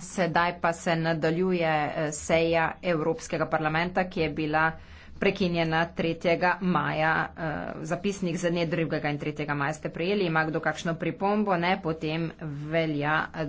Sedaj pa se nadaljuje eh, seja Evropskega parlamenta, ki je bila prekinjena 3. maja. Eh, zapisnik za ne 2. in 3. maja ste prejeli. Ima kdo kakšno pripombo? Ne, potem velja.